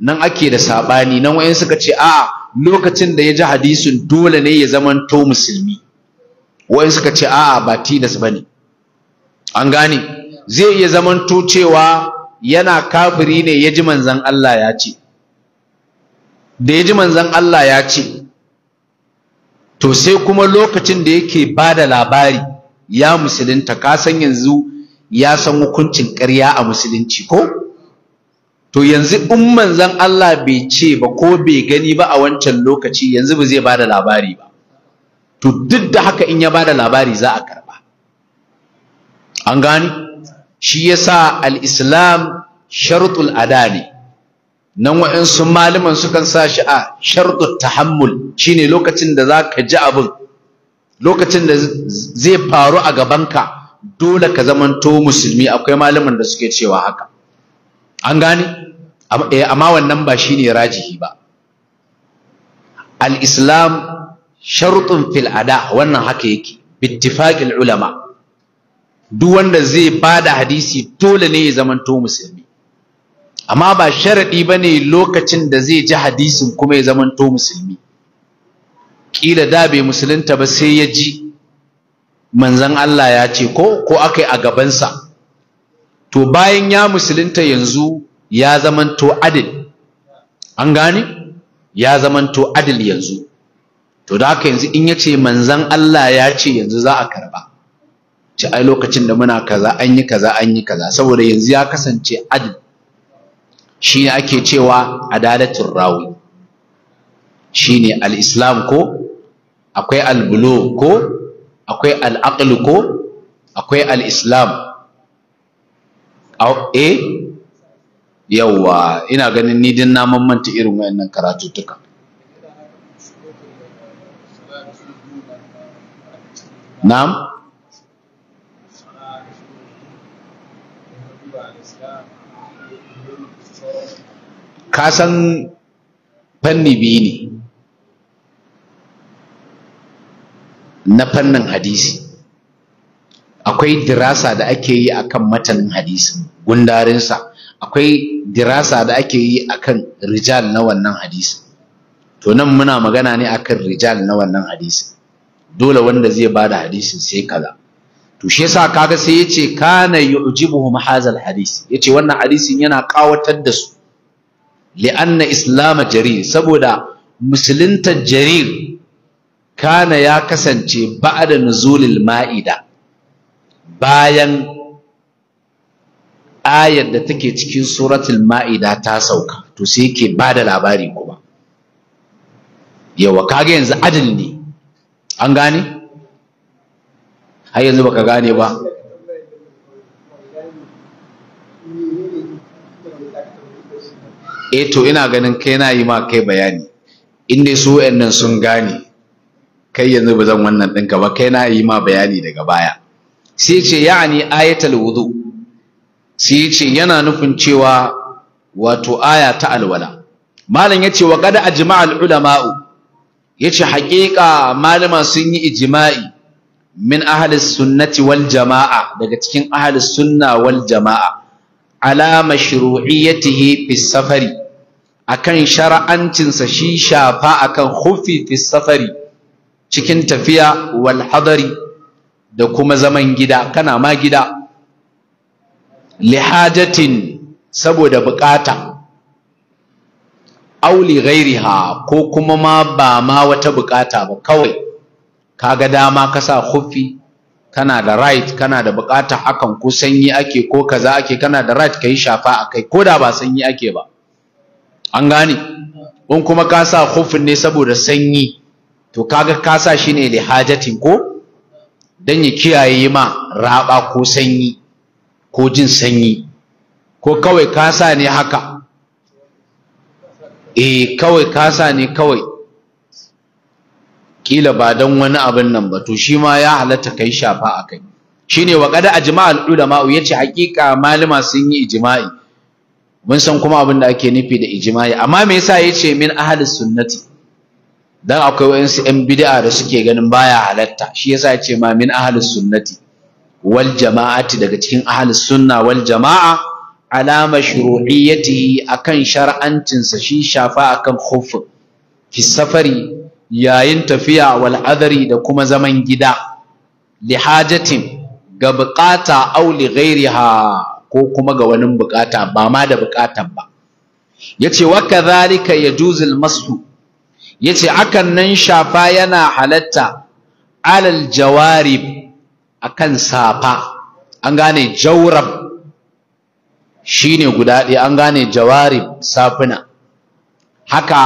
nan ake da sabani nan wayan suka ce a'a lokacin da ya ji hadisin dole ne ya to musulmi wayan suka ce a'a ba tilas bane an gane zai iya zamanto cewa yana kafiri ne ya ji manzon Allah ya ce da ya ji manzon Allah ya ce to sai kuma lokacin da yake bada labari ya musulunta ka san yanzu ya san hukuncin ƙarya a musulunci ko to yanzu in manzon Allah bai ce ba ko bai gani ba a wancan lokaci yanzu ba zai ba da labari ba to duk da haka in ya ba da labari za a karba an gani shi yasa al-islam sharutul ada ne nan waansu malaman sukan sa shi a sharutul tahammul shine lokacin da za ka ji abin lokacin da zai faru a gabanka dole ka zamanto musulmi akwai malaman da suke cewa haka an gane eh, amma wannan ba shi shine rajihi ba al-islam sharutun fil ada wannan haka yake Bittifaƙin ulama duk wanda zai ba da hadisi dole ne ya zamanto musulmi amma ba sharadi bane lokacin da zai ji hadisin kuma ya zamanto musulmi Ƙila da bai musulunta ba sai ya ji manzon Allah ya ce ko ko akai a gabansa to bayan ya musulunta yanzu ya zamanto adil an gane ya zamanto adil yanzu to da haka yanzu in ya ce manzan Allah ya ce yanzu za a karba ce ai lokacin da muna kaza an yi kaza an yi kaza saboda yanzu ya kasance adil shi ne ake cewa adalatul rawi shi ne al-Islam ko akwai albulo ko akwai al al'aqlu ko akwai al-Islam? a eh? yawwa ina ganin ni din na manta irin wayannan karatuttuka na'am ka san fanni biyu ne na fannin hadisi akwai dirasa da ake yi akan matanin hadisi gundarinsa akwai dirasa da ake yi akan rijal na wannan hadisi to nan muna magana ne akan rijal na wannan hadisi dole wanda zai bada hadisin sai kaza to shi yasa kaga sai yace kana yu'jibuhu hazal hadisi. yace wannan hadisin yana kawatar da su li'anna islam jarir saboda musulunta jarir kana ya kasance ba'da nuzulil ma'ida bayan ayar da take cikin suratul ma'ida ta sauka to sai yake ba da labari kuma yawa kage yanzu adil ne an gane har yanzu baka gane ba eh to ina ganin kai na yi ma kai bayani in dai su wayannan sun gane kai yanzu ba zan wannan ɗinka ba kai na yi ma bayani daga baya sai ce ya'ani ayatul wudu' sai ya ce yana nufin cewa wato aya ta alwala malam ya ce wa kada ajma'al ulama'u ya ce haƙiƙa malama sun yi ijima'i min ahalis sunnati wal jama'a daga cikin ahalis sunna wal jama'a ala mashru'iyyatihi fi safari akan shara'ancinsa shi shafa akan khuffi fi safari cikin tafiya wal hadari da kuma zaman gida kana ma gida lihajatin saboda bukata auli ghairiha ko kuma ma ba ma wata bukata ba kawai kaga dama ka sa khuffi kana da right kana da bukata hakan ko sanyi ake ko kaza ake kana da right kai shafa akai ko da ba sanyi ake ba an gane in kuma ka sa khuffin ne saboda sanyi to kaga ka sa shi ne lihajatin ko dan ya kiyaye ma raba ko sanyi ko jin sanyi ko kawai kasa ne haka eh kawai kasa ne kawai kila ba don wani abin nan ba to shi ma ya halatta kai shafa akai shine wa qad ajma'al ulama'u yace hakika malama sun yi ijma'i mun san kuma abin da ake nufi da ijma'i amma me yasa yace min ahli sunnati dan akwai wayansu yan bid'a da suke ganin baya halatta shi yasa yace ma min ahli sunnati wal daga cikin ahlus sunna wal jama'a ala mashru'iyyatihi akan shar'ancin sa shi shafa akan khuff fi safari yayin tafiya wal adari da kuma zaman gida li hajatin ga bukata aw li ko kuma ga wani bukata ba ma da bukatan ba yace wa kadhalika yajuzul masu yace akan nan shafa yana halatta alal jawarib akan safa an gane jawrab shine guda ɗaya an gane jawarib safuna haka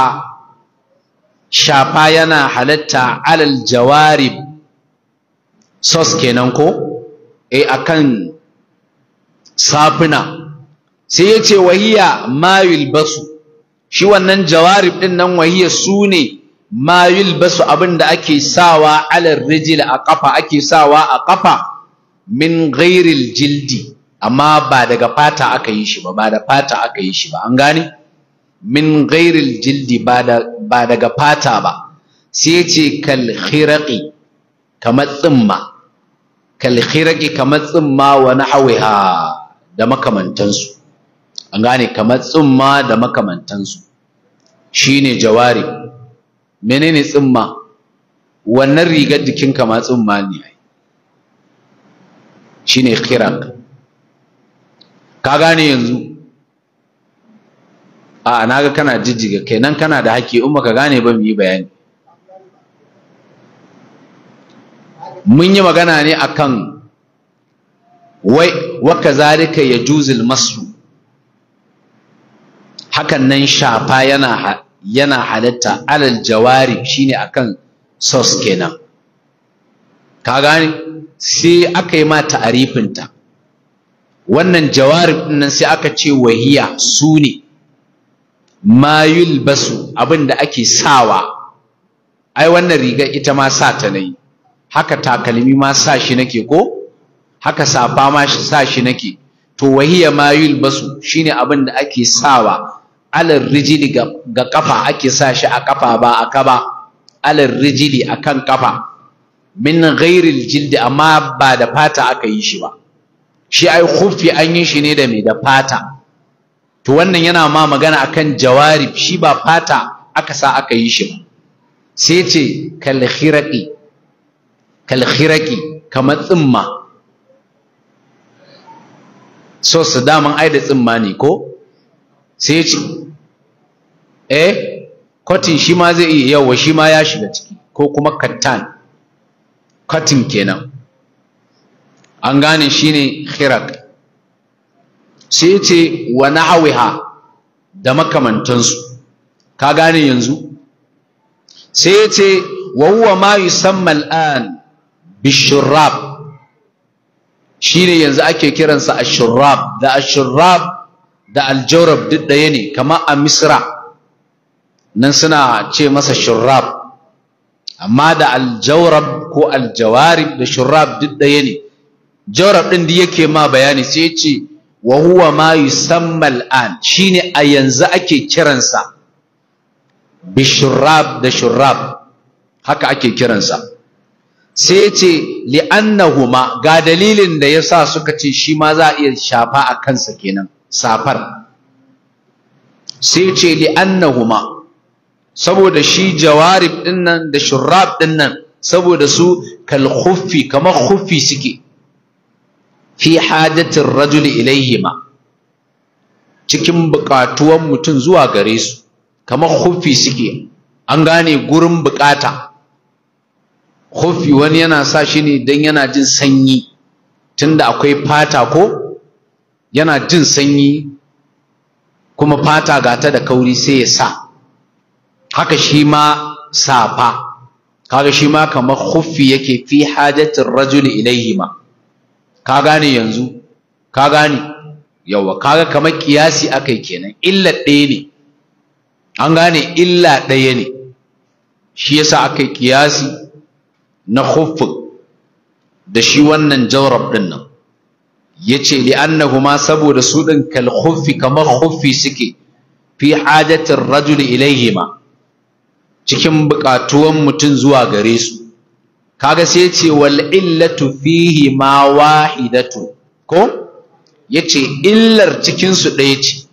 shafa yana halatta alal jawarib sos kenan ko eh akan safuna sai yace wahiya mayul basu shi wannan jawarib din nan wahiya sune ma yulbasu abin da ake sawa alal rijil a kafa ake sawa a kafa min ghairil jildi amma ba daga fata aka yi shi ba ba da fata aka yi shi ba an gane min ghairil jildi ba daga fata ba sai ce kal khiraqi kamar tsimma khiraqi kamar tsimma wa nahawiha da makamantansu an gane kamar tsumma da makamantansu shine jawari menene tsimma wannan rigar jikinka ma tsimma ne shine kiran. ka gane yanzu a naga kana jijjiga kenan kana da haƙƙi in ka gane ba mu yi bayani mun yi magana ne akan wai waka zalika ya juzil masu hakan nan shafa yana yana halatta alal jawari shine akan sos kenan ka gane sai aka yi ma ta'arifinta wannan jawarib nan sai aka ce wahiya su ne ma yulbasu abin da ake sawa ai wannan riga ita ma sa ta nayi haka takalmi ma sa shi nake ko haka safa ma sa shi nake to wahiya ma yulbasu shine abin da ake sawa Alan rijili ga kafa ake sa shi a kafa ba a kaba alal rijili akan kafa min ghairil jildi amma ba da fata aka yi shi ba shi ai khuffi an yi shi ne da mai da fata to wannan yana ma magana akan jawarib shi ba fata aka sa aka yi shi ba sai ce kal khiraqi kal kamar tsimma so su daman ai da tsimma ne ko sai ya ce eh cotton shi ma zai iya yawa shi ma ya shiga ciki ko kuma kattan cotton kenan an gane shi ne khirak sai ce wa na'awiha da makamantansu ka gane yanzu sai ce wa huwa ma yusamma al'an bishurab shine yanzu ake kiransa ashurab da ashurab da aljaurab duk ɗaya ne kama a misra nan suna ce masa shurrab amma da aljaurab ko aljawarib da shurrab duk ɗaya ne jaurab ɗin da yake ma bayani sai ya ce wa huwa ma yusamma al'an shine a yanzu ake kiransa bi shurrab da shurrab haka ake kiransa sai ya ce li'annahuma ga dalilin da yasa suka ce shi ma za a iya shafa a kansa kenan safar sai ce Annahuma, saboda shi jawarib dinnan da shurrab dinnan saboda su kal khuffi kamar khuffi suke fi hajatin rajul ilayhima cikin buƙatuwan mutum zuwa gare su kamar khuffi suke an gane gurin buƙata khuffi wani yana sa shi ne dan yana jin sanyi tunda akwai fata ko yana jin sanyi kuma fata gata da kauri sai ya sa haka shi ma safa kaga shi ma kamar khuffi yake fi hajatin rajul ilayhi ma ka gane yanzu ka gane yawa kaga kamar kiyasi akai kenan illa ɗaya ne an gane illa ɗaya ne shi yasa akai kiyasi na khuffin da shi wannan jawrab din nan yace ma saboda su din kal khuffi kamar khuffi suke fi hajatir rajuli ilayhima cikin buƙatuwan mutum zuwa gare su kaga sai yace wal illatu fihi ma wahidatu ko yace illar cikin su ɗaya ce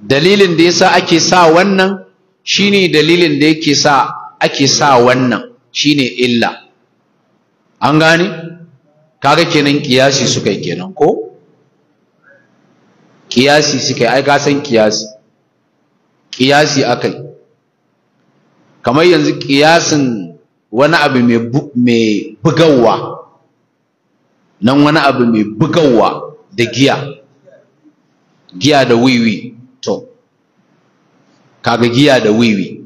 dalilin da yasa ake sa wannan shine dalilin da yake sa ake sa wannan shine illa an gane kaga kenan kiyasi suka yi kenan ko kiyasi suka yi ai ka san kiyasi kiyasi akai kamar yanzu kiyasin wani abu mai bugawa nan wani abu mai bugawa da giya giya da wiwi to kaga giya da wiwi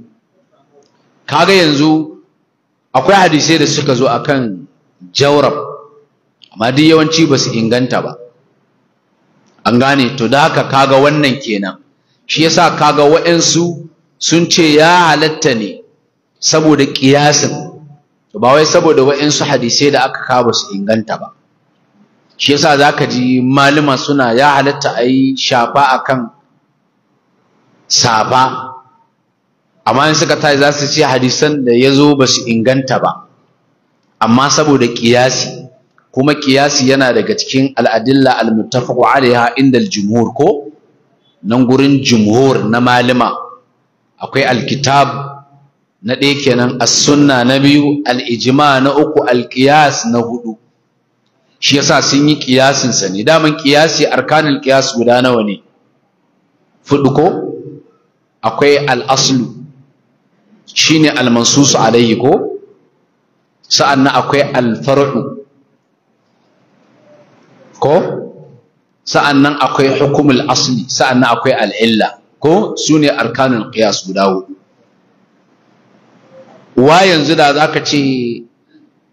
kaga yanzu akwai hadisai da suka zo akan jawrab amma duk yawanci ba su inganta ba an gane to da haka kaga wannan kenan shi yasa kaga waɗansu sun ce ya halatta ne saboda kiyasin. ba wai saboda wa'ansu hadisai da aka kawo su inganta ba shi yasa zaka ji malama suna ya halatta a yi shafa akan safa amma in suka tashi za su ce hadisan da ya zo ba su inganta ba amma saboda ƙiyasi kuma kiyasi yana daga cikin al'adilla al-muttafaqu alaiha inda al-jumhur ko nan gurin jumhur na malima akwai al-kitab na ɗaya kenan as-sunna na biyu al-ijma na uku al-qiyas na hudu shi yasa sun yi kiyasin sa ne daman kiyasi arkanul qiyas guda nawa ne fudu ko akwai al-aslu shine al-mansus alaihi ko sa'annan akwai al-far'u ko sa'annan akwai hukumul asli sa'annan akwai al'illa ko sune arkanul qiyas guda hudu wa yanzu da zaka ce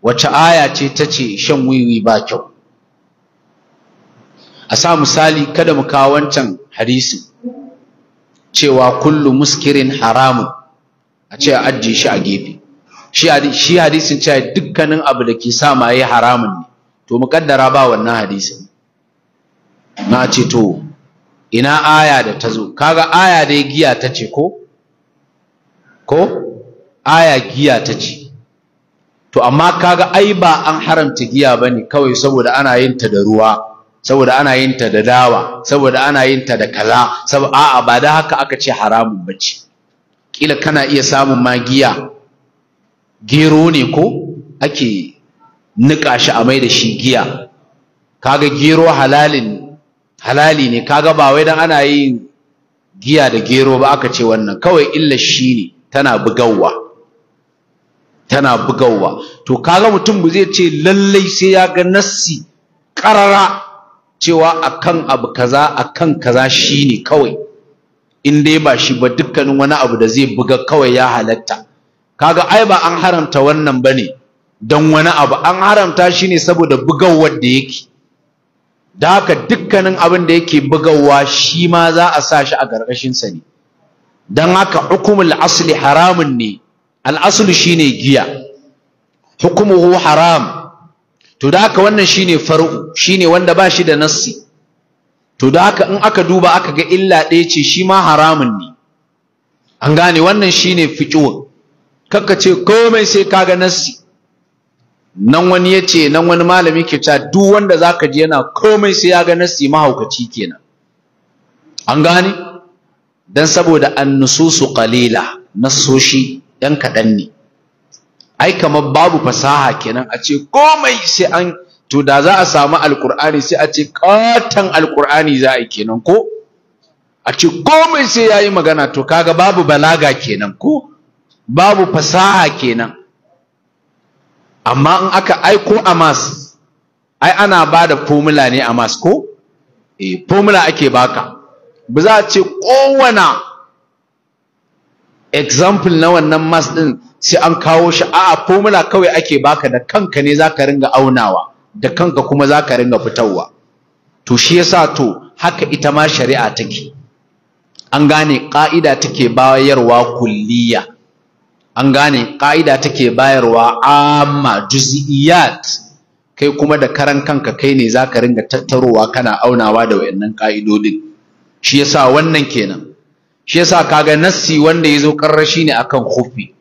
wace aya ce ta ce shan wiwi ba kyau a sa misali kada mu kawo wancan hadisin cewa kullu muskirin haramun a ce a ajiye shi a gefe shi hadisin cewa dukkanin abu da ke sa maye haramun ne to mu kaddara ba wannan hadisin na ce to ina aya da ta zo kaga aya dai giya ta ce ko ko aya giya ta ce to amma kaga ai ba an haramta giya ba ne kawai saboda ana yin ta da ruwa saboda ana yin ta da dawa saboda ana yin ta da kaza saboda a'a ba da haka aka ce haramun bace kila kana iya samun ma giya gero ne ko ake nika shi a mai da shi giya kaga gero halalin halali ne kaga ba wai dan ana yin giya da gero ba aka ce wannan kawai illa shi ne tana bugawa tana bugawa to kaga mutum ba zai ce lallai sai ya ga nassi karara cewa akan abu kaza akan kaza shi ne kawai in dai ba shi ba dukkanin wani abu da zai buga kawai ya halatta kaga ai ba an haramta wannan bane dan wani abu an haramta shi ne saboda bugawar da yake da haka dukkanin abin da yake bugawa shi ma za a sa shi a ƙarƙashin sa ne dan haka hukumul asli haramun ne al aslu shine giya hukumuhu haram to da haka wannan shine far'u shine wanda ba shi da nassi to da haka in aka duba aka ga illa ɗaya ce shi ma haramun ne an gane wannan shine fiqh kakka ce komai sai kaga nassi nan wani ya ce nan wani malami ke cewa duk wanda za ka ji yana komai sai ya ga nasi mahaukaci kenan an gane don saboda an nususu qalila nasoshi ɗan kaɗan ne ai kamar babu fasaha kenan a ce komai sai an to da za a samu alkur'ani sai a ce katon alkur'ani za a yi kenan ko a ce komai sai ya yi magana to kaga babu balaga kenan ko babu fasaha kenan amma in aka aiko a mas ai ana ba da formula ne a mas ko e formula ake baka ba za ce kowane example na wannan mas din sai an kawo shi a'a formula kawai ake baka da kanka ne zaka ka ringa aunawa da kanka kuma zaka ringa fitawa. to shi yasa to haka ita ma shari'a take an gane ƙa'ida take bayarwa kulliya an gane ƙa'ida take bayarwa amma juz'iyat kai kuma da karan kanka kai ne zaka ringa tattarowa kana aunawa da wayannan ƙa'idodin shi yasa wannan kenan shi yasa kaga nassi wanda yazo karrashi ne akan khufi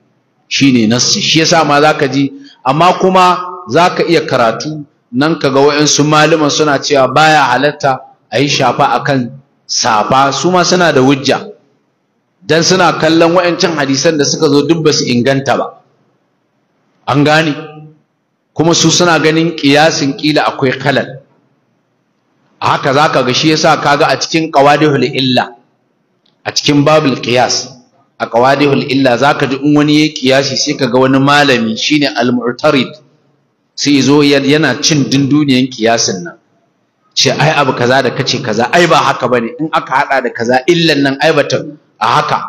shine nassi shi yasa ma zaka ji amma kuma zaka iya karatu nan kaga wayansu malaman suna cewa baya halatta ayi shafa akan safa su ma suna da hujja dan suna kallon wa'ancin hadisan da suka zo duk ba su inganta ba an gane kuma su suna ganin kiyasin kila akwai kalal haka zaka ga shi yasa kaga a cikin qawadihul illa a cikin babul qiyas a qawadihul illa zaka ji in wani yayi kiyasi sai kaga wani malami shine al-mu'tarid sai zo yana cin dinduniyan kiyasin nan ce ai abu kaza da kace kaza ai ba haka bane in aka hada da kaza illan nan ai bata a haka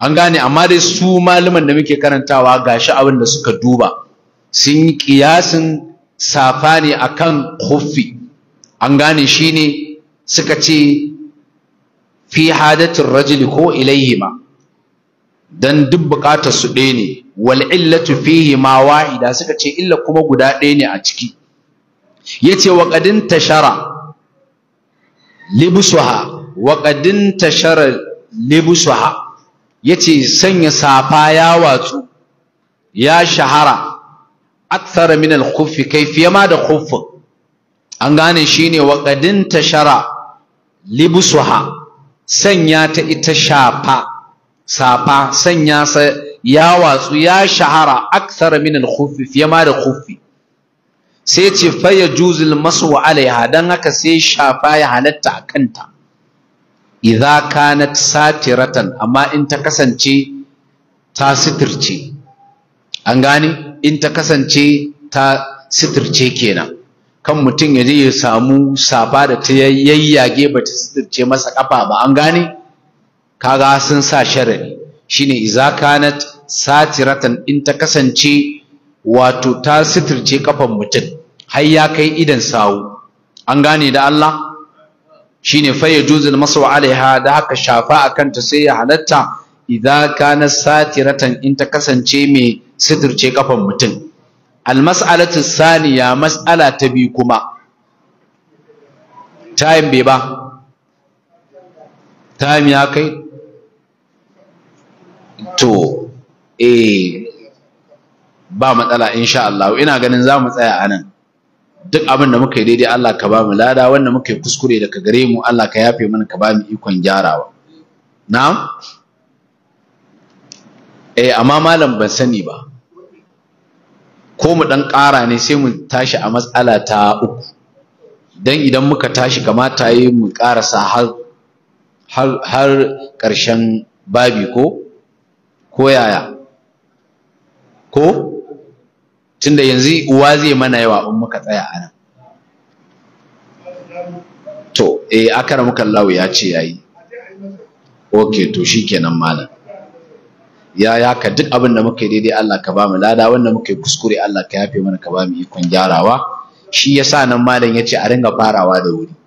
an gane amma dai su malaman da muke karantawa gashi abin da suka duba sun yi kiyasin safa ne akan khuffi an gane shine suka ce fi hadatin rajuli ko ilayhima dan duk bukatar su ɗaya ne wal illatu fihi ma wahida suka ce illa kuma guda ɗaya ne a ciki yace wa qadin tashara libsuha wa qadin tashara libusuha ya ce sanya safa ya watsu ya shahara aksara min al-khuffi kayfiya ma da khuff an gane shi ne qadin tashara libusuha sanya ta ita shafa safa sanya sa ya watsu ya shahara aksara min al fiye ma da khuffi sai ce fa yajuzul masu alaiha don haka sai shafa ya halatta a kanta idza kanat satiratan amma in ta kasance ta sitirce an gane in ta kasance ta sitirce kenan kan mutum ya je ya samu safa da ta yayyage ba ta sitirce masa kafa ba an gane kaga sun sa sharari shine idza kanat satiratan in ta kasance wato ta sitirce kafan mutum har ya kai idan sawu an gane da Allah shine fa yajuzul masu alaiha da haka shafa a kanta sai ya halatta idza kana satiratan in ta kasance mai sitirce kafan mutum al mas'alatu saniya mas'ala ta bi kuma time bai ba time ya kai to eh ba matsala insha Allah ina ganin za mu tsaya anan duk abin da muka yi daidai Allah ka ba mu lada wanda muka yi kuskure daga gare mu Allah ka yafe mana ka ba mu ikon gyarawa na'am eh amma malam ban sani ba ko mu dan ƙara ne sai mu tashi a matsala ta uku dan idan muka tashi kamata yi mu ƙarasa har har har ƙarshen babi ko ko yaya ko tunda yanzu uwa zai mana yawa in muka tsaya a nan to eh akara muka lawo ya ce yayi okay to shikenan malam ya ya ka duk abin da muka yi daidai Allah ka ba lada wanda muka yi kuskure Allah ka yafe mana ka bamu ikon gyarawa shi yasa nan malam ya ce a ringa farawa da wuri